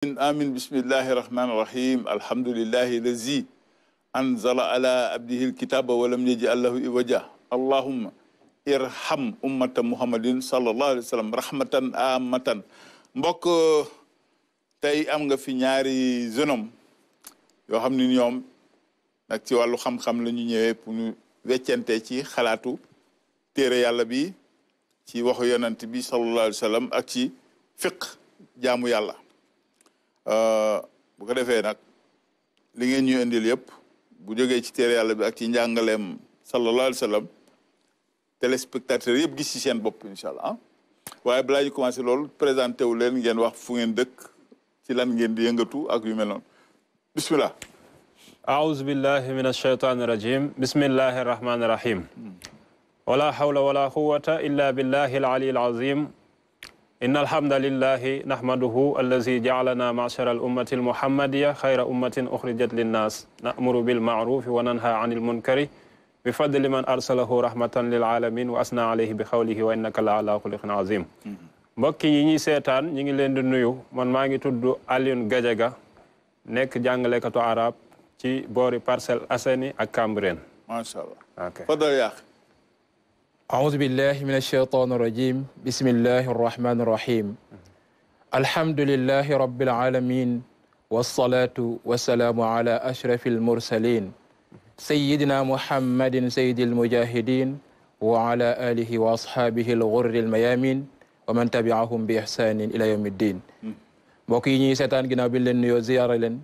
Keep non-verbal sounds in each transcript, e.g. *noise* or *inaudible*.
آمن بسم الله الرحمن الرحيم الحمد لله الذي أنزل على عبده الكتاب ولم يجعل له إوجا اللهم ارحم أمة محمد صلى الله عليه وسلم رحمة آمة mbokk tey am nga fi ñaari jeune homme yoo xam ni ñoom nag ci wàllu xam-xam la ñu ñëwee pour ñu weccante ci xalaatu téere yàlla bi ci waxu yonent bi sallallahu alayhi wa sallam ak ci fiq jaamu yàlla bu ko defee nag li ngeen ñu indil yëpp bu jógee ci téere yàlla bi ak ci njàngaleem sallallahu alayhi wa sallam téléspectateurs yëpp gis ci seen bopp incha allah ah. waaye balaa ñu commencé lool présenté wu leen ngeen wax fu ngeen dëkk ci lan ngeen di yëngatu ak yu mel noonu bismillah أعوذ بالله من الشيطان الرجيم بسم الله الرحمن الرحيم ولا حول ولا قوة إلا بالله العلي العظيم إن الحمد لله نحمده الذي جعلنا معشر الأمة المحمدية خير أمة أخرجت للناس نأمر بالمعروف وننهى عن المنكر بفضل من أرسله رحمة للعالمين وأثنى عليه بخوله وإنك لعلى خلق عظيم mbokk yi ñuy seetaan ñu ngi leen di nuyu man maa ngi tudd Alioune Gadiaga nekk jàngalekatu arab ci boori Parcelles Assainies ak Cambérène. macha allah. ok أعوذ بالله من الشيطان الرجيم بسم الله الرحمن الرحيم الحمد لله رب العالمين والصلاة والسلام على أشرف المرسلين سيدنا محمد سيد المجاهدين وعلى آله وأصحابه الغر الميامين ومن تبعهم بإحسان إلى يوم الدين mbokk سيطان جنا بلن نيو زيارة لن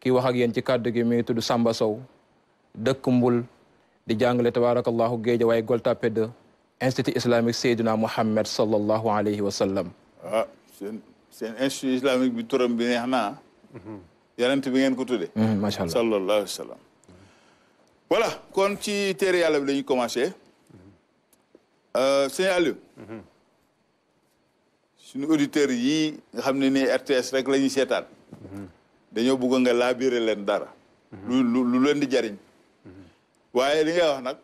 كي وحاق leen kii wax ak yéen ci kàddu di jàngale tabaarakallahu géej waaye Gueule-Tapée 2 institut islamique Seydina Mouhamed sallallahu alayhi wa sallam. ah seen seen institut islamique bi turam bi neex naa. Mhm. yonent bi ngeen ko tuddee. Mhm, macha allah sallallahu kon ci téere yàlla bi la ñuy commencé. Mhm. Euh, sëñ Aliou. auditeurs yi nga xam ne ni RTS rek la ñuy seetaan. dañoo bëgg nga laabiré leen dara. lu lu leen di jariñ waaye li ngay wax nag.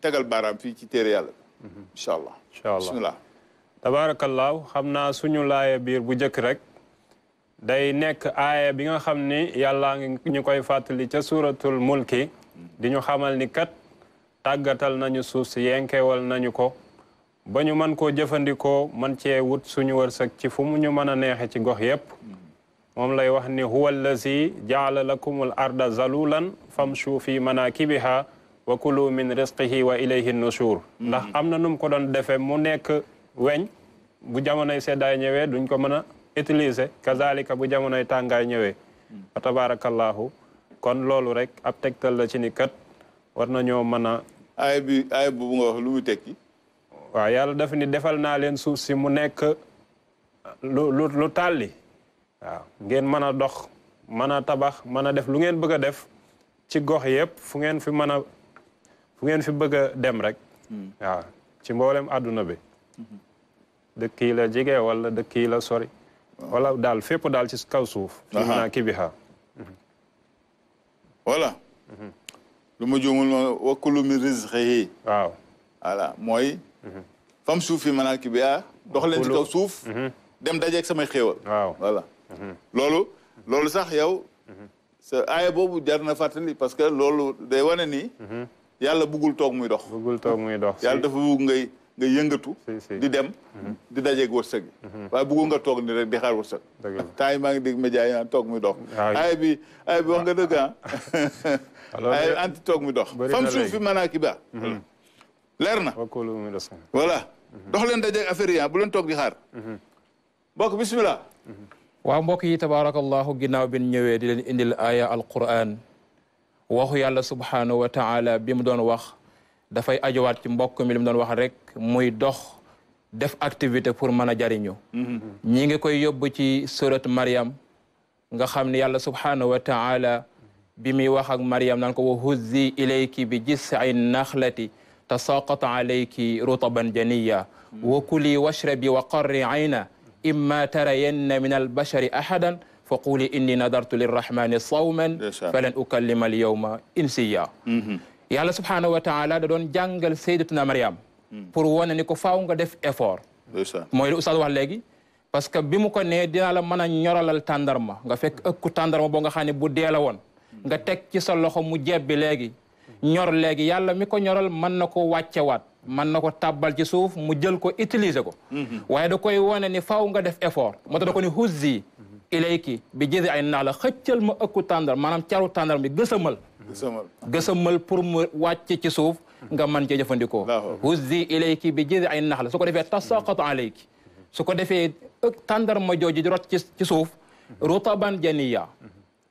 tegal baaraam fii ci téere yàlla. Mhm. incha allah incha allah bisimilah. tabaarakallaahu xam naa suñu laaya biir bu njëkk rek. day nekk aaya bi nga xam ni yàllaa ngi ñu koy fàttali ca suuratul mulki. Mhm. di ñu xamal ni kat tàggatal nañu suuf si yenkewal nañu ko. ba ñu mën koo jëfandikoo man cee wut suñu wërsëg ci fu mu ñu mën a neexe ci gox yépp mhm. moom lay wax ni huwa allazi jaala lakum al arda zalulan famshu fi manakibiha wa kulu min risqihi wa ilayhi nushur ndax am na nu mu ko doon defee mu nekk weñ bu jamonoy seddaay ñëwee duñ ko mën a utiliser kazalika bu jamonoy tàngaay ñëwee fa tabarakallahu kon loolu rek ab tegtal la ci ni kat war nañoo mën a aay bi aay bu nga wax tekki waaw yàlla dafa ni defal naa leen suuf si mu nekk lu lu waaw ngeen mën a dox mën a tabax mën a def lu ngeen bëgg a def ci gox yépp fu ngeen fi mën a fu ngeen fi bëgg dem rek. Hmm. waaw ci mboolem àdduna bi. Hmm. dëkk yi la jege wala dëkk yi la sori. wala daal fépp daal ci kaw suuf. ci naa kii bi xaar. lu ma juumul ma wakkulu mi rizqihi. mooy. Hmm. fam suuf fi maanaam kii bi dox leen ci kaw suuf. dem dajeeg samay xéewal. waaw voilà. loolu loolu sax yow sa aaya boobu jar na fàttali parce que loolu day wane ni yàlla buggul toog muy dox muy dox yàlla dafa bugg ngay nga yëngatu di dem mhm. di dajeeg wërsëg yi mhm. waaye buggul nga toog ni rek di xaar wërsëg temps yi maa ngi dégg média toog muy dox bi aaya bi nga dëgg ah *laughs* aaya anti toog muy dox fam suuf fi maanaa ki ba mhm. leer na voilà dox leen dajeeg affaire yi ah, bu leen toog di xaar mbokk bismillah waaw mbokk yi tabaarakallahu ginnaaw bi ñëwee di leen indil aaya alquran waxu yàlla subhaanahu wa taala bi mu doon wax dafay ajowaat ci mbokk mi li mu doon wax rek muy dox def activité pour mën a jariñu ñi ngi koy yóbbu ci surat Maryam nga xam ne yàlla subhaanahu wa taala bi muy wax ak Maryam naan ko wa huzzi ilayki bi jis'i naxlati tasaqat alayki rutaban janiya wa kuli washrabi wa qarri ayna إما ترين من البشر أحدا فقولي إني نذرت للرحمن صوما فلن أكلم اليوم إنسيا yàlla subhaanahu wa taala da doon jàngal sayyidatuna Mariam. pour wane ni ko faaw nga def effort. mooy li oustaz wax léegi. parce que bi mu ko nee dinaa la mën a ñoralal tàndarma nga fekk ëkku tàndarma boo nga xam ne bu dee la woon. nga teg ci sa loxo mu jebbi léegi. ñor léegi yàlla mi ko ñoral mën na ko wàccewaat. man nako tabal ci souf mu jël ko utiliser ko waye da koy woné ni faaw nga def effort moo tax da ko ni huzzi ilayki bi jidi ay nala la xëccal ma ëkku tàndar manam ciaru tàndar bi geusamal geusamal pour mu wàcc ci souf nga man ci jëfëndiko huzzi ilayki bi jidi ay nala su ko tasaqatu alayki su ko defee tàndar ma jooju di rot ci ci rutaban janiya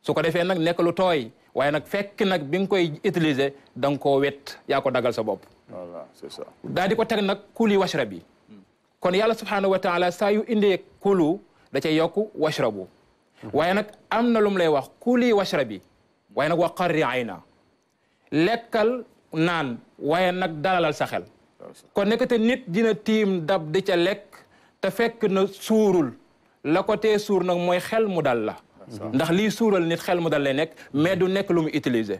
su ko defee nag lu toy waye nak fekk nak bi nga koy utiliser dang ko wet ya ko dagal sa bop voilà c'est ça. daal di ko teg nag kuli washrabi. kon yàlla subhaanahu wa taala saa yu indee kulu da cay yokk washrabu. waaye nag am na lu mu lay wax kuli washrabi. waaye nag wa qarri ayna lekkal naan waaye nag dalalal sa xel. kon nekkate nit dina tiim dab di ca lekk te fekk na suurul la ko tee suur nag mooy xel mu dal la. ndax lii suural nit xel mu dal lay nekk mais du nekk lu mu utiliser.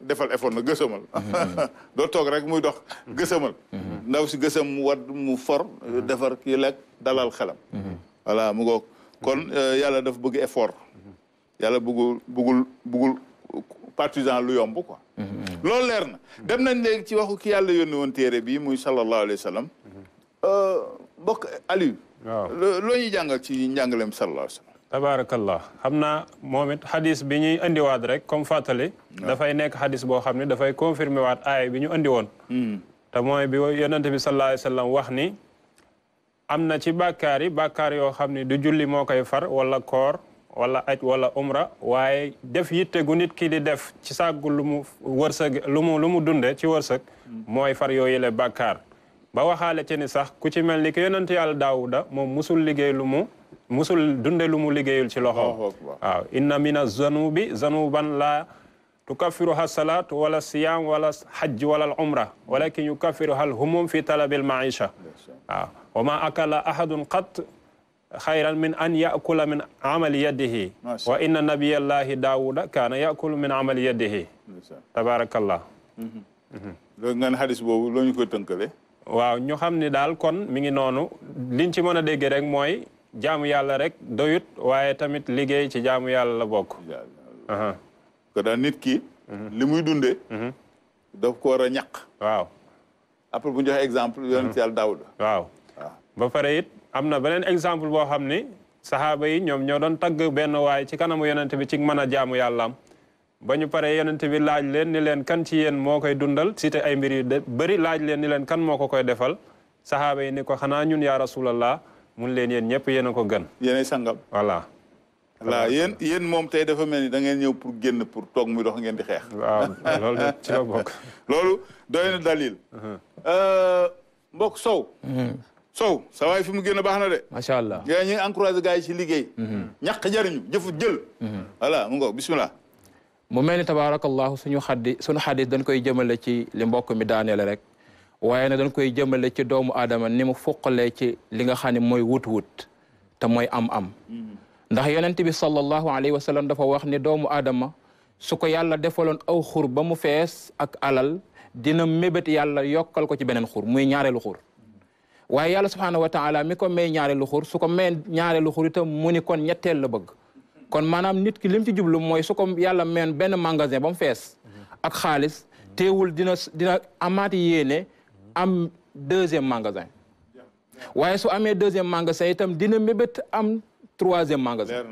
defal effort na gësamal *laughs* doo toog rek muy dox gësamal ndaw si mu wad mu for defar kii lekk dalal xelam voilà mu ngoog kon euh, yàlla daf bëgg effort yàlla bëggul bëggul bëggul lu yomb ko loolu leer na dem nañ léegi ci waxu ki yàlla yónni woon téere bii muy sallallahu alayhi wa sallam euh, mbokk Aliou loo ñuy jàngal ci njàngaleem sallallahu alayhi wa tabaarakallah xam naa moom it xadis bi ñuy indiwaat rek comme fàttali. dafay nekk xadis boo xam ne dafay confirmer waat aaya bi ñu indi woon. Hmm. te mooy bi yonente bi sallallahu alayhi wax ni. am na ci bàkkaar yi yoo xam ne du julli moo koy far wala koor wala aj wala umra waaye def yitte gu nit ki di def ci sàggu lu mu wërsëg lu mu lu mu dunde ci wërsëg. Hmm. mooy far yooyu le bàkkaar ba waxaale ci ni sax ku ci mel ni ki yonent yàlla daawuda moom musul liggéey lu mu. musul dunde lu mu liggéeyul ci loxo waaw inna mina zanubi zanuban la tukaffiruha salat wala siyam wala hajj wala al umra walakin yukaffiruha al humum fi talab al maisha wa ma akala ahadun qat خيرا من أن يأكل من عمل يده وإن النبي الله داوود كان يأكل من عمل يده تبارك الله لو نان حديث بوبو لو نكو تنكلي واو waaw خامني دال كون ميغي نونو mi ngi noonu liñ ci mën jaamu yàlla rek doyut waaye tamit liggéey ci jaamu yàlla la bokk. ko daal nit ki. Mhm. li muy dundee. Mhm. daf ko war a waaw. après bu ñu exemple mhm. yonent yàlla waaw ba pare it am na beneen exemple boo xam ni saxaaba yi ñoom ñoo doon tagg benn waaye ci kanamu yonent bi ci mën a jaamu yàllaam ba ñu paree yonent bi laaj leen ni leen kan ci yéen moo koy dundal cité ay mbir yu bëri laaj leen ni leen kan moo ko koy defal saxaaba yi ni ko xanaa ñun yaa rasulallah mun leen yen ñëpp yéen a ko gan yéenay sangam. voilà. voilà yéen yéen moom tey dafa mel ni da ngeen ñëw pour génn pour toog muy dox ngeen di xeex. waaw loolu *laughs* ci la loolu doy na dalil. Uh-huh. Euh, mbokk Sow. Uh-huh. Sow sa fi mu génn baax na de. macha allah yaa ngi encouragé gars yi ci liggéey. Uh-huh. ñàkk jariñu jëfu jël. voilà mu ngoog bisimilah. mu mel ni tabaarakallahu suñu xaddi suñu xadis dañ koy jëmale ci li mbokk mi daaneel rek. waaye nag dañ koy jëmale ci doomu aadama ni mu fuqalee ci li nga xam ne mooy wut-wut mooy am-am ndax yonent bi sallallahu alayhi wa sallam dafa wax ni doomu aadama su ko yàlla defaloon aw xur ba mu fees ak alal dina mébét yàlla yokkal ko ci beneen xur muy ñaareelu xur waaye yàlla subhaanahu wa taala mi ko may ñaareelu xur su ko may ñaareelu xur itam mu ni kon ñetteel la bëgg kon maanaam nit ki lim ci jublu mooy su ko yàlla mayoon benn magasin ba mu fees ak xaalis teewul dina dina amaati yéene am deuxième magasin waaye su amee deuxième magasin itam dina mébét am troisième magasin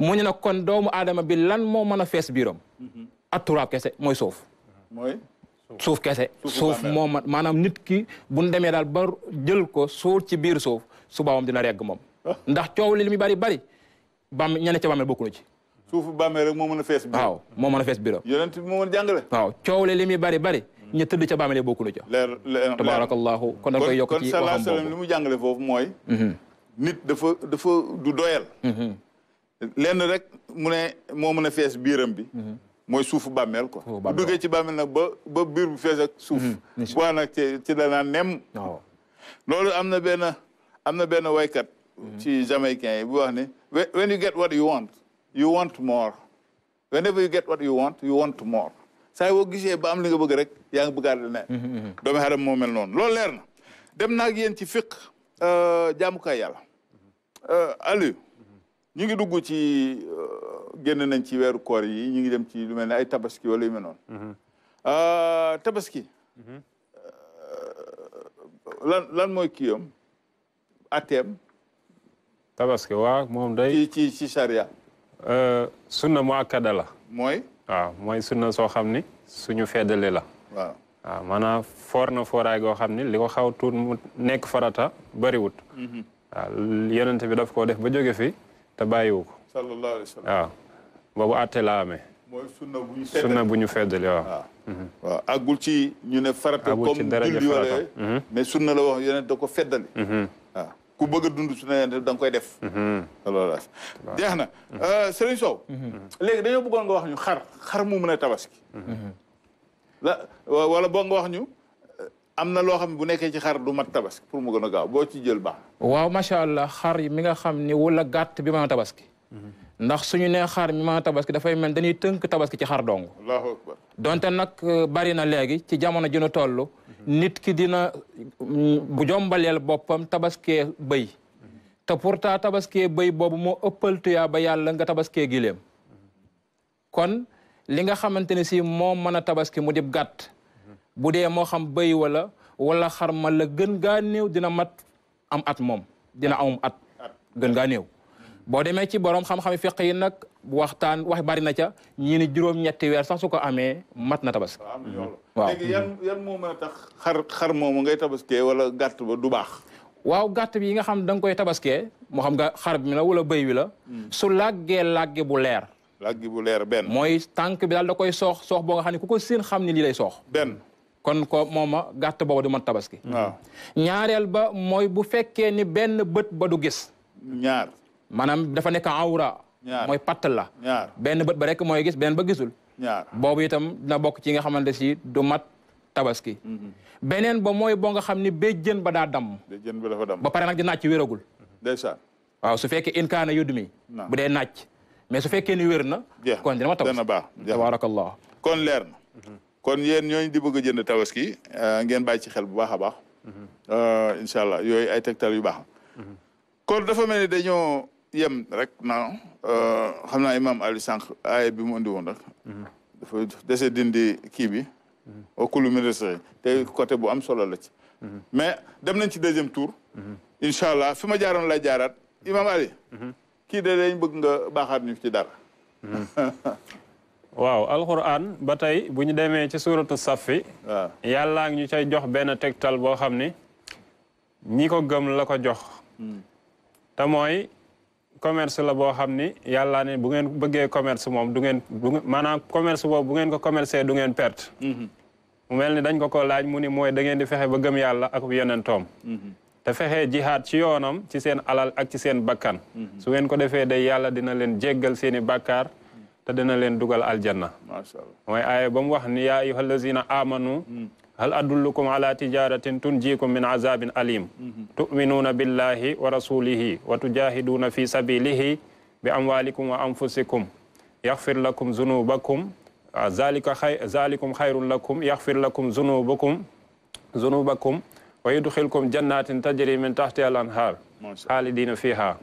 mu ñu nag kon doomu aadama bi lan moo mën a fees biirom mhm. ak turaab kese mooy suuf mhm. mooy suuf kese suuf moo ma maanaam nit ki bu ñu demee daal ba jël ko suur ci biir suuf su baawam dina regg moom ah. ndax coow li li muy bari bari bam ñene ca bàmmeel bokkuñu ci suufu rek moo mën a fees biiram waaw moo mën a fees biiram yonent bi coow li li bari bari ña tëdd ca bàmmeel bokku lu ca leer tabaarakallahu kon dañ koy yokk ci waxam boobu mu jàngale foofu mooy mhm. nit dafa dafa du doyal mhm. lenn rek mu ne moo mën a fees biiram bi mhm. mooy suufu bàmmeel ko bu ci bàmmeel nag ba ba biir bu fees ak suuf boo nag ci ci danaa nem loolu am na benn am na benn waykat ci jamaïcain yi bu wax ne when you get what you want you want more whenever you get what you want you want more saa yi boo gisee ba am li nga bëgg rek yaa ngi bëggaat leneen mm-hmm, mm-hmm. doomi aadama moo mel noon loolu leer na dem naag yéen ci fiq euh, jaamukaay yàlla mm-hmm. euh, Aliou ñu ngi dugg ci euh, génn nañ ci weeru koor yi ñu ngi dem ci lu mel ne ay tabaski wala lay me noonu tabaski lan lan mooy kiyam ateem tabaski waa moom day ci ci ci charia sunna mu akkada la mooy waaw mooy sunna soo xam ni suñu feddali la. waaw waaw maanaam foor na fooraay goo xam ni li ko xaw tuut mu nekk farata bariwut. Mhm. waaw yonent bi daf koo def ba jóge fi te bàyyiwu ko. sallallahu alayhi wa waaw boobu àtte la amee. mooy sunna bu ñu feddali sunna waaw. waaw mhm. ci ñu ne farata. àggul ci dara farata mhm. sunna la wax yonent da ko feddali. ku bëgg a dund da nga koy def mm-hmm. loolu la jeex na mm-hmm. euh, Serigne mm-hmm. léegi dañoo bëggoon nga wax ñu xar xar mu mën a tabaski la wala boo nga wax ñu euh, am na loo xam ne bu nekkee ci xar du mat tabaski pour mu gën a gaaw boo ci jël baax waaw macha allah xar yi mi nga xam ni wala gàtt bi mën a tabaski ndax suñu ne xar mi mën a tabaski dafay mel dañuy tënk tabaski ci xar dong allahu akbar donte nag euh, bari na léegi ci jamono ji nu toll nit ki dina mm, bu jombaleel boppam tabaske bëy te pourtant tabaskee bëy boobu moo ëppal tuyaa ba yàlla nga tabaskee gileem kon li nga xamante ne si moo mën a tabaski mu dib gàtt bu dee moo xam bëy wala wala xar ma la gën gaa néew dina mat am at moom dina am at gën gaa néew bo demee ci borom xam xam fiqh yi nak waxtaan wax bari na ca ñi ni juroom ñetti wër sax su ko amee mat na tabaski. waaw léegi yan yan moo mën tax xar xar moomu ngay tabaské wala gatt ba du bax waaw gatt bi nga xam dang koy tabaské mo xam nga xar bi la wala bëy bi la. Hmm. su laggé laggé bu lèr laggé bu lèr ben moy tank bi dal da koy sox sox bo nga xam ne ku ko seen xam ni li lay sox ben kon ko moma gatt booba du man tabaski. waaw ñaarel ba moy bu fekkee ni ben beut ba du gis. ñaar maanaam dafa nekk awra mooy patt la benn bët ba rek mooy gis beneen ba gisul boobu itam na bokk ci nga xamante si du mat tabaski mm-hmm. beneen ba mooy boo nga xam ni be jën ba daa damm béjjën ba dafa damm ba pare nag di naaj ci wéragul ndeysaan waaw su fekkee in kaana yudmi bu dee naaj mais su fekkee ni wér na kon dina ma tabaski dana baax tabaarakallah kon leer na mm-hmm. kon yéen ñooñu di bëgg a jënd tabaski euh, ngeen bàyyi ci xel bu baax a baax mm-hmm. euh, incha allah yooyu ay tegtal yu baax kon dafa mel ni dañoo yem rek na euh, xam naa imaam Aliou sànq aaya bi mu andi woon rek mhm. dafa dese dindi kii bi mhm. au te côté bu am solo la ci mhm. mais dem nañ ci deuxième tour incha allah fi ma jaaroon lay jaaraat imaam Ali kii de dañ bëgg nga baaxaat ñu ci dara waaw alquran ba tey bu ñu demee ci suratu safi waaw yàllaa ngi ñu cay jox benn tegtal boo xam ni ñi ko gëm la ko jox hmm. te mooy commerce la boo xam ni yàlla ne bu ngeen bëggee commerce moom du commerce boobu bu ko commercé du ngeen perte mhm. mu mel ni dañ ko ko laaj mu ni mooy da di fexe ba gëm yàlla ak yonentoom mhm. te fexe jihaad ci yoonam ci seen alal ak ci seen bakkan mhm. su ngeen ko defee day yàlla dina leen jéggal seeni bàkkaar te dina leen dugal aljanna mooy aaye ba wax ni yaa ayyuhallazina amanu هل أدلكم على تجارة تنجيكم من عذاب أليم تؤمنون بالله ورسوله وتجاهدون في سبيله بأموالكم وأنفسكم يغفر لكم ذنوبكم آه، ذلك خير ذلكم خير لكم يغفر لكم ذنوبكم ذنوبكم ويدخلكم جنات تجري من تحتها الأنهار خالدين فيها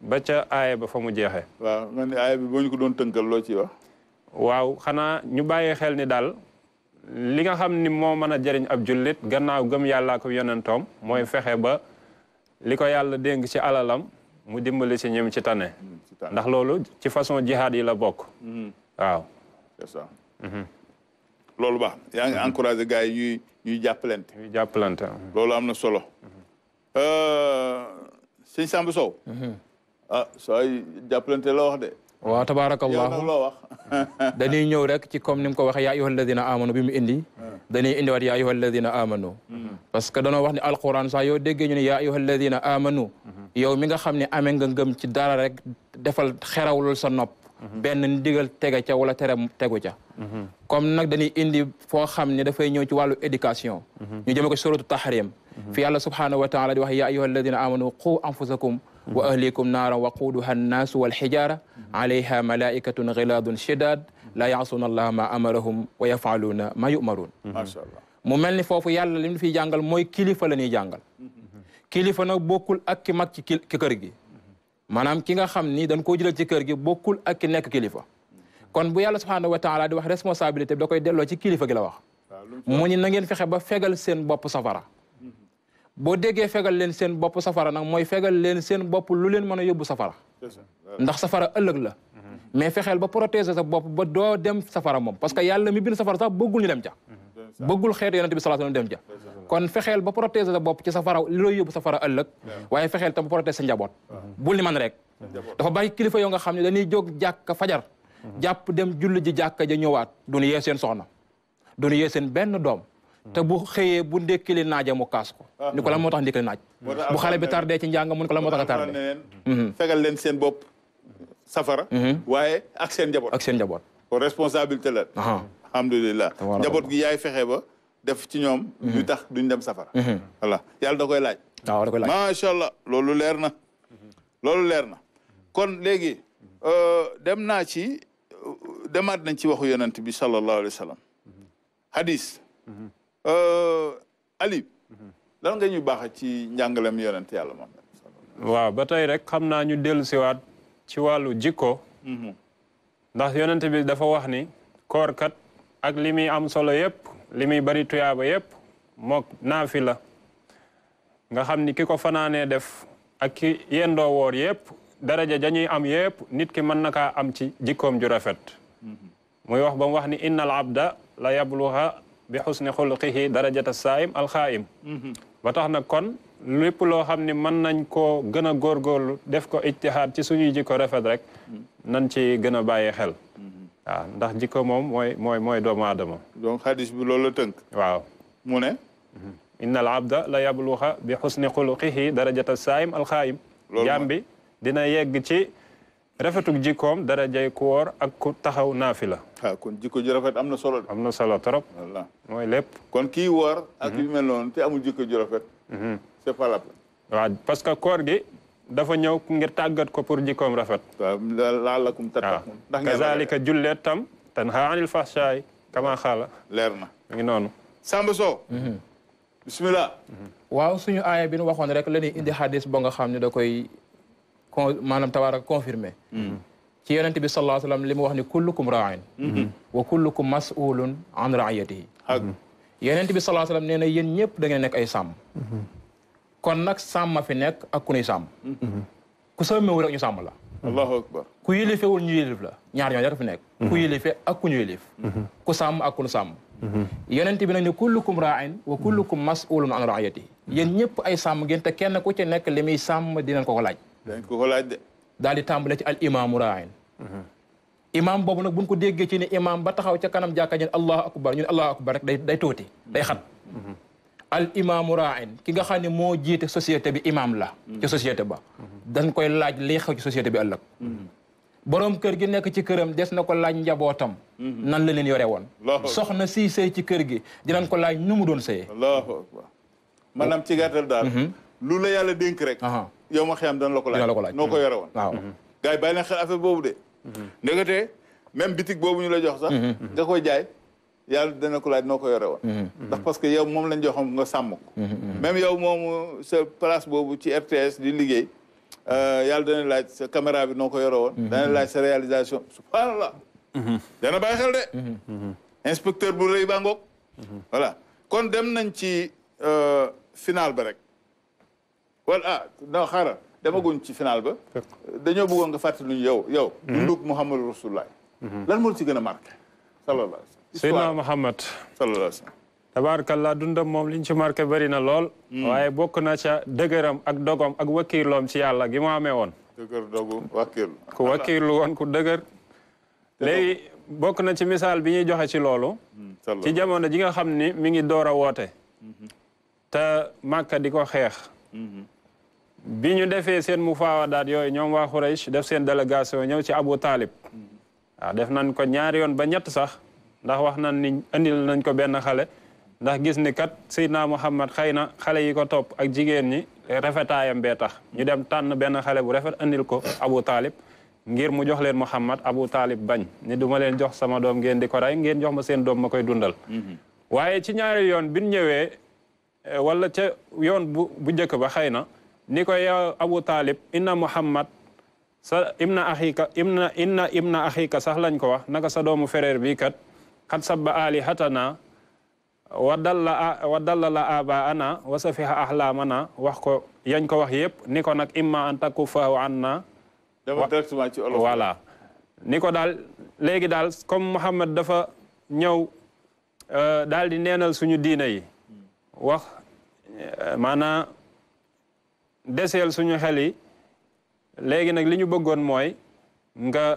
بتا آية aaya ba fa mu jeexee. waaw man aaya bi boo ñu ko doon tënkal li nga xam ni moo mën a jëriñ ab jullit gannaaw gëm yàllaa ko yonentoom mooy fexe ba li ko yàlla dénk ci alalam mu dimbali ci ñim ci tane ndax loolu ci façon jihaad yi la bokk mm-hmm. waaw c'est ça mm-hmm. loolu baax yaa ngi mm-hmm. encouragé gars yi ñuy ñuy jàppalante ñuy loolu am na solo euh, sëñ Samba Sow ah la wax de waaw tabaarakallahu *laughs* dañuy ñëw rek ci comme ni mu ko waxee yaa ayyuhal ladina amanu bi mu indi hmm. dañuy indiwaat yaa ayyuhal ladina amanu hmm. parce que dañoo wax ne alquran sax yo déggee ñu ne yaa ayyuhal ladina amanu hmm. yow mi nga xam ne amee nga ngëm ci dara rek defal xerawlul sa nopp benn ndigal tege ca wala tere tegu ca comme nag dañuy indi foo xam ne dafay ñëw ci wàllu éducation ñu jëme ko suratu tahrim fi yàlla subhanahu wa taala ya wax yaa ayyuhal ladina amanu وأهليكم نارا وقودها الناس والحجارة عليها ملائكة غلاظ شداد لا يعصون الله ما أمرهم ويفعلون ما يؤمرون ما شاء الله mu mel ni foofu yàlla li mu fiy jàngal mooy kilifa la ñuy jàngal kilifa nag bokkul ak ki mag ci ki kër gi maanaam ki nga xam ni dañ koo jëlal ci kër gi bokkul ak ki nekk kilifa kon bu yàlla subhanahu wa taala di wax responsabilité bi da koy delloo ci kilifa gi la wax mu ni na ngeen fexe ba fegal seen bopp safara boo déggee fegal leen seen bopp safara nag mooy fegal leen seen bopp lu leen mën a yóbbu safara ndax safara ëllëg la mais fexeel ba protéger sa bopp ba doo dem safara moom parce que yàlla mi bind safara sax bëggul ñu dem ca bëggul xeetu bi sallallahu alayhi dem ca kon fexeel ba protéger sa bopp ci safara li looy yóbbu safara ëllëg waaye fexeel tam protéger sa njaboot uh-huh. bul ni man rek dafa bari kilifa yoo nga xam ne dañuy jog jàkka fajar uh-huh. jàpp dem julli ji jàkka ja ñëwaat duñu seen soxna duñu yee seen benn doom te bu xëyee bu ndékkili naaja mu kaas ko ah. ni ko lan moo tax ndékkili naaj bu xale bi dee ci njàngam mu ni ko lan moo tax a tardé leen mhm. fegal leen seen bopp safara mhm. waaye ak seen njaboot ak seen njaboot o responsabilité la alhamdulilah njaboot gu yaay fexe ba def ci ñoom lu mhm. tax duñ dem safar voilà yàlla da koy laaj waaw da koy laaj macha allah loolu leer na leer na kon léegi euh, dem naa ci euh, demaat nañ ci waxu yonent bi sallallahu alayhi wa hadis Eh, ali mhm. lan nga ñu baax ci njàngalam yonent yàlla Muhammad waaw ba tey rek xam naa ñu dellu siwaat ci wàllu jikko mhm. ndax yonent bi dafa wax ni koor kat ak limi am solo yépp limi bari tuyaaba yépp mook naafi la nga xam ni ki def ak yendo wor yep yépp daraja jañuy am yep nit ki mën am ci jikkoom ju rafet mhm. muy wax ba wax ni innal abda la yabluha bi xusni xuluqihi darajata saayim alxaayim mhm. ba tax na kon lépp loo xam ne mën nañ koo gën a góorgóorlu def ko ijtihaad ci suñuy jikko rafet rek mhm. nañ ci gën a bàyyi xel mhm. waaw ndax jikko moom moy mooy mooy doomu aadama donc bi loolu la tënk waaw mu ne inna la yabluxa bi xusni xuluqihi darajata saayim alxaayim jaam bi dina yegg ci rafetuk jikkoom dara jay ku ak ku taxaw naafila. ah kon jikko ju rafet am na solo. am na solo trop. voilà mooy lépp. kon kii woor. ak mhm. yu mel noonu te amul jikko ju rafet. Mhm. c'est pas parce que kor gi dafa ñëw ngir tàggat ko pour jikkoom rafet. waaw laalakum tattaqun. ndax kazalika tam tanha anil fahshaay kama xaala. leer na mu ngi noonu. Samba Sow. Mhm. bismillah. waaw suñu aaya bi nu waxoon rek la indi xadis ba nga xam ne da koy. con maanaam tabaaraka confirmé mm-hmm. ci yonent bi sallallahu li wax ni kullukum raain mm-hmm. wa kullukum mas'ulun an mm-hmm. bi sallallahu alayhi wa sallam nee na yéen ñëpp da ngeen nekk ay sàmm kon nag sàmm ma nekk ak ku nuy sàmm ku la allahu akbar ku yilifewul ñaar ñoo rek fi ku yilife ak ku ñu nu bi nag ne kullukum raain wa kullukum mas'ulun an raiyatihi yéen ñëpp kenn ku ci nekk li muy sàmm dinañ ko laaj dañ ko ko laaj daal di tàmbale ci al imaamu raayin. imaam boobu nag buñ ko déggee ci ne imaam ba taxaw ca kanam jàkka ñu ne allahu akbar ñu ne allahu akbar rek day day tuuti day xat. al imaamu raain ki nga xam ne moo jiite société bi imaam la ci société ba dañ koy laaj liy xew ci société bi ëllëg boroom kër gi nekk ci këram des na ko laaj njabootam nan la leen yore woon soxna sii sëy ci kër gi dinañ ko laaj nu mu doon sëyee allahu akbar ci gàttal daal mhm. lu la yàlla dénk rek yow ma xiyam dana la ko laaj noo ko yore woon waaw gars yi bàyyi leen xel affaire boobu de ndekete même bitig boobu ñu la jox sax nga koy jaay yàlla dana ko laaj noo ko yore woon ndax parce que yow moom lañ joxam nga sàmm ko même yow moomu sa place boobu ci RTS di liggéey euh, yàlla dana laaj sa caméra bi noo ko yore woon dana laaj sa réalisation subhanallah dana bàyyi xel de inspecteur bu rëy baa ngoog voilà kon dem nañ ci euh, final ba rek wala ah non xaaral demaguñ ci final ba dañoo bëggoon nga fàttali ñu yow yow dundug hmm? Muhammadu Rasulullah hmm. lan moo ci gën a marqué sallallahu alayhi wa sallam Seydina Muhammad sallallahu alayhi dundam moom liñ ci marqué bari na lool hmm. waaye bokk na ca dëgëram ak dogom ak wakkiirloom ci yàlla gi mu amee woon dëgër dogu wakkiirlu ku wakkiirlu woon ku dëgër léegi bokk na ci misaal bi ñuy joxe ci loolu ci jamono ji nga xam ni mi ngi door a woote te màkka di ko xeex bi ñu defee seen mufaawadaat yooyu ñoom waa Quraysh def seen délégation ñëw ci Abu Talib waaw def nañ ko ñaari yoon ba ñett sax ndax wax nañ ni indil nañ ko benn xale ndax gis ni kat Seydina Muhammad xëy na xale yi ko topp ak jigéen ñi rafetaayam bee tax ñu dem tànn benn xale bu rafet indil ko Abu Talib ngir mu jox leen Muhammad Abu Talib bañ ni du ma leen jox sama doom ngeen di ko rey ngeen jox ma seen doom ma koy dundal mm-hmm. waaye ci ñaari yoon bi ñëwee eh, wala ca yoon bu bu njëkk ba xëy na ni ko yow Abu Talib inna Muhammad sa ibna inna ibna sax lañ ko wax naka sa doomu frère bi kat sabba alihatana wa dalla wa dallala abaana wa safiha ahlamana wax ko yañ ko wax yëpp ni ko nag imma an takufahu anna dafa directement ci olof voilà ni ko daal daal comme Muhammad dafa ñaw euh, daal di neenal suñu diina yi wax euh, maanaam deseel suñu xel yi léegi nag li ñu bëggoon mooy nga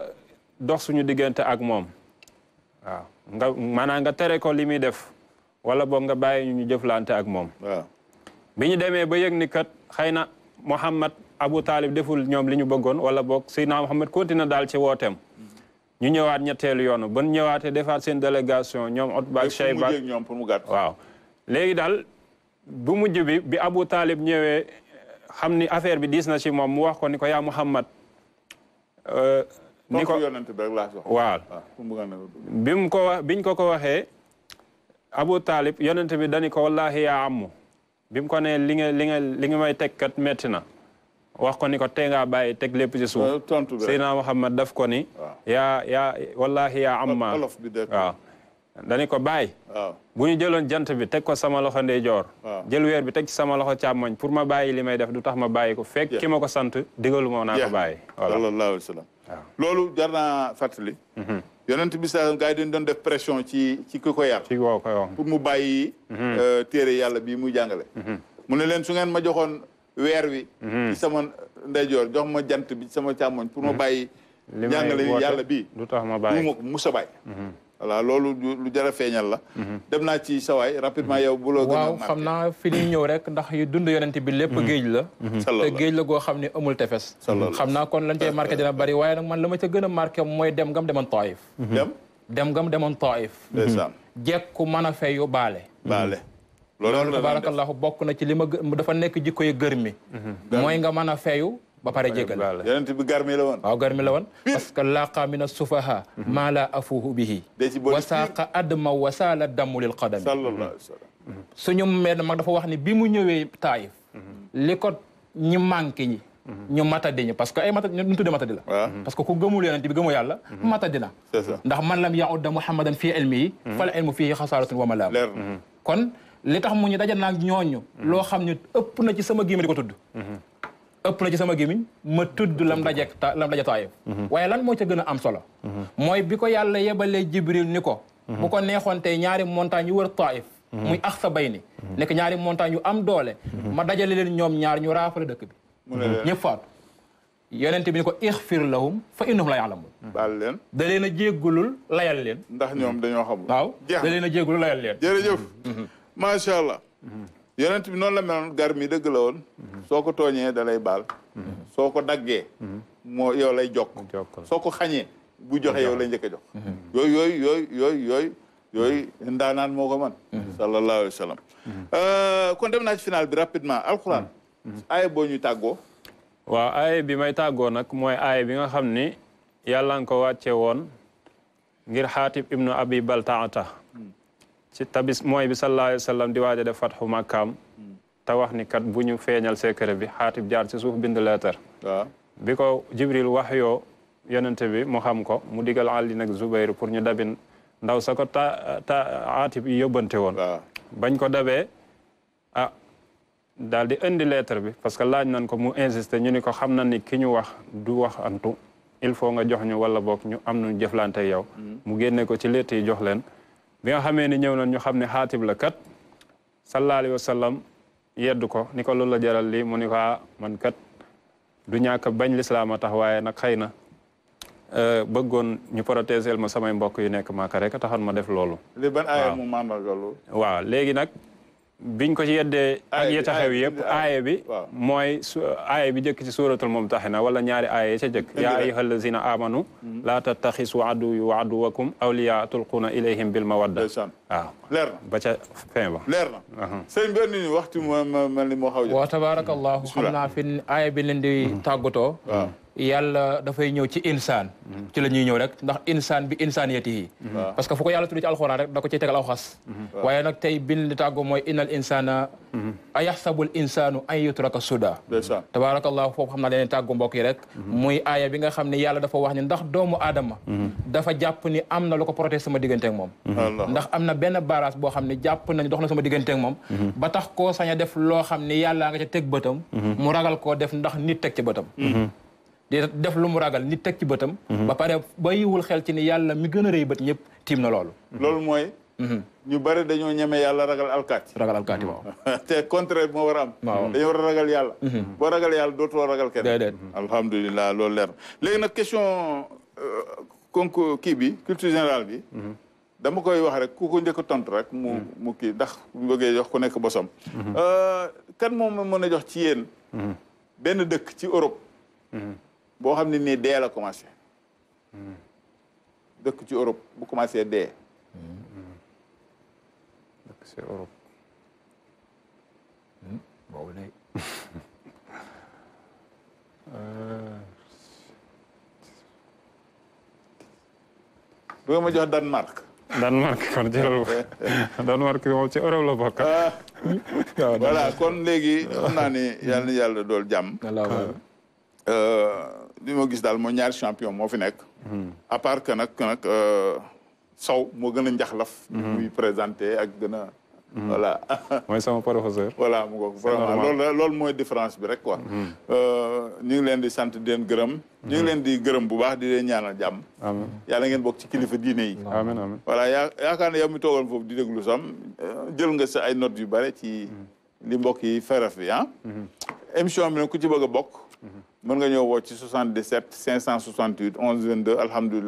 dox suñu diggante ak moom waaw nga maanaam nga tere ko li muy def wala boog nga bàyyi ñu jëflante ak moom bi ñu demee ba yëg ni kat xëy na Muhammad Abu Taalib deful ñoom li ñu bëggoon wala boog Seydina Muhammad continue daal ci wooteem ñu ñëwaat ñetteelu yoonu ban ñëwaatee defaat seen délégation ñoom Utba ak Shayba waaw léegi daal bu mujj bi bi Abu Taalib ñëwee xam ni affaire bi diis na ci moom mu wax ko ni ko yaa Muhammad euh, ni ko bi ah, mu ko wax biñ ko ko waxee Abu Talib yonent bi dani ko wallahi yaa ammu bi mu ko nee li nga li nga li nga may teg kat metti na wax ko ni ko tee ngaa bàyyi teg lépp ci suuf Seydina Muhammad daf ko ni yaa yaa wallahi yaa amma dañu ko bàyyi. bu ñu jëloon jant bi teg ko sama loxo ndeyjoor. jël weer bi teg ci sama loxo càmmoñ pour ma bàyyi li may def du tax ma bàyyi ko fekk ki ma ko sant digalu ma naa ko bàyyi. voilà waaw loolu jar naa fàttali. Mhm. yonent bi saa gars yi dañu doon ci ci ko yar. ci ko yar pour mu bàyyi. Mhm. Euh, téere yàlla bii muy jàngale. Mhm. mu ne leen su ngeen ma joxoon weer wi. ci sama ndeyjoor jox ma jant bi sama càmmoñ pour ma bàyyi. li may jàngale yàlla bii. du tax ma bàyyi mu ma ko voilà loolu lu jar a feeñal la. Mhm. dem naa ci sawaay rapidement mhm. yow. bu loo gën a waaw xam naa fi ñuy ñëw rek ndax yu dund yonent bi lépp mhm. géej la. te géej la goo xam ne amul tefes. xam naa kon lañ cay marqué dina bari waaye nag man la ma ca gën a marqué dem ngam demoon Taif. dem dem ngam demoon Taif. ndeysaan jekku mën a feyu baale. baale. loolu tabaarakallahu bokk na ci li ma dafa nekk jikko yu gër mi. mooy nga mën a ba pare jégal yonent bi la woon waaw garmi la woon parce que laaqa min assufaha maa la afuhu bihi wasaaqa adma wasaala damu lil qadami sallallahu alayhi wa sallam mhm. suñu mel mag dafa wax ni bi mu ñëwee taayif mhm. li ko ñi manqué ñi mhm. ñu matadi ñi parce que ay matadi ñu tudde matadi la parce que ku gëmul yonent bi gëmu yàlla matadi na ndax man lam yaudda muhammadan fii ilmi yi fal ilmu fii xasaaratun wa malaam kon li tax mu ñu daja naag ñooñu loo xam ne ëpp na ci sama gémé di ko tudd ëpp la ci sama gémmiñ ma tudd lam daje lam daje taayif mhm. waaye lan moo ca gën am solo mhm. mooy bi ko yàlla yebalee jibril ni ko mhm. bu ko neexoon tey ñaari montagne yu wër taayif muy ax sa bay ni nekk ñaari montagne yu am doole ma dajale leen ñoom ñaar ñu raafale dëkk bi ñëpp faatu yonent bi ni ko ixfir lahum fa innahum la yaalamun baal leen da leen a jéggulul layal leen ndax ñoom dañoo xamul waaw da leen a jéggulul layal leen jërëjëf macha allah yonent bi noonu la meloon gar mi dëgg la woon mhm. soo ko tooñee da lay baal mhm. soo ko daggee mhm. moo yow lay jok jokk soo ko xañee bu joxe yow lay njëkk a jox yooyu yooyu yooyu yooyu yooyu yooyu ndaanaan moo ko man sallallahu alayhi wa sallam euh, kon dem naa ci final bi rapidement alquran aaya boo ñuy tàggoo waaw aaya bi may tàggoo nag mooy aaya bi nga xam ni yàlla nga ko wàcce woon ngir xaatib ibnu abi baltaata ci tabis mooy bi sallallahu alayhi di waaj a def fatxu màkkaam te wax ni kat bu ñu feeñal secret bi xaatib jaar ci suuf bind leetar bi ko jibril wax yoo yonente bi mu xam ko mu digal Ali nag Zubayr pour ñu dabin ndaw sa ta ta aatib yi yóbbante woon bañ ko dabee ah daal di indi lettre bi parce que laaj nañ ko mu insister ñu ni ko xam na ni ki ñu wax du wax antu il faut nga jox ñu wala boog ñu am nu jëflante yow mm. mu génne ko ci lettre yi jox leen bi nga xamee ne ñëw na ñu xam ne xaatib la kat sallallahu alayhi wa ko ni ko loolu jaral lii mu ni ko ah, man kat du ñàkk bañ lislaam a tax waaye nag xëy na euh, bëggoon ñu protéger ma samay mbokk yu nekk maaka rek a taxoon ma def loolu. li ban léegi nag. biñ ko ci yeddee ak yi taxaw yëpp aaya bi mooy aaya bi jëkk ci suuratul wala ñaari aaya yi ca jëkk yaa amanu mhm. laa tattaxisu aduwwi wa aduwwakum awliyaa tulquuna ilayhim bil mawadda waaw leer na ba ca fin leer na sëñ waxtu ma mel ni moo xaw waaw tabaarakallahu xam naa bi leen di mhm. tàggatoo yàlla dafay ñëw ci insaan mhm. ci la ñuy ñëw rek ndax insaan bi insan yi mhm. parce que fu ko yàlla tudd ci alxuraan rek da ko ciy tegal aw xas mhm. waaye nag tey bin li tàggo mooy a insaana ayaxsabul insaanu an yutraka suda tabaarakallahu foofu xam naa leen tàggu mbokk yi rek muy aaya bi nga xam ne yàlla dafa wax ne ndax doomu aadama dafa jàpp ni am na lu ko protéger sama diggante moom ndax am na benn barrage boo xam ne jàpp nañu dox na sama diggante moom ba tax koo sañ a def loo xam ne yàlla nga ca teg bëtam mu ragal koo def ndax nit teg ci bëtam di def lu mu ragal nit teg ci bëtam. Mhm. ba pare bàyyiwul xel ci ni yàlla mi gën a rëy bët ñëpp tiim na loolu. Mhm. loolu mooy. Mhm. ñu bari dañoo ñeme yàlla ragal alkaati. ragal alkaati waaw. *laughs* te contraire moo war a am. dañoo war a ragal yàlla. boo ragal yàlla dootoo ragal kenn. déedéet alhamdulilah loolu leer na léegi nag question euh, concours kii bi culture générale bi. dama koy wax rek ku ko njëkk a tontu rek. mu mu kii ndax bu bëggee jox ku nekk bosam. Euh, kan moom ma mën a jox ci yéen. benn dëkk ci Europe. boo xam ne nii dee la commencé dëkk ci Europe bu commencé dee dëkk ci Europe hmm, boobu lay *laughs* du ma jox Danemark Danemark kon jëlal *laughs* Danemark bi moom ci Europe la bokk ah. *laughs* voilà kon léegi xam naa ni yàlla na yàlla dool jàmm li ma gis daal moo ñaari champion moo fi nekk. à part que nag que euh, Sow moo gën a njaxlaf. Mhm. muy présenté ak gën a. Mhm. voilà. *laughs* mooy sama professeur. voilà mu loolu mooy différence bi rek quoi. Mhm. Euh, ñu ngi leen di sant di leen gërëm. ñu leen di gërëm bu baax di leen ñaanal jàmm. amiin yàlla ngeen bokk ci kilifa diine yi. amiin amiin voilà yaa yaakaar ne yow mi toogoon foofu di déglu sam euh, jël nga sa ay notes yu bare ci. li mbokk yi feraf ah. bi ah. bi ku ci bëgg a bokk. mën nga ñëw woo ci 77 568 11 22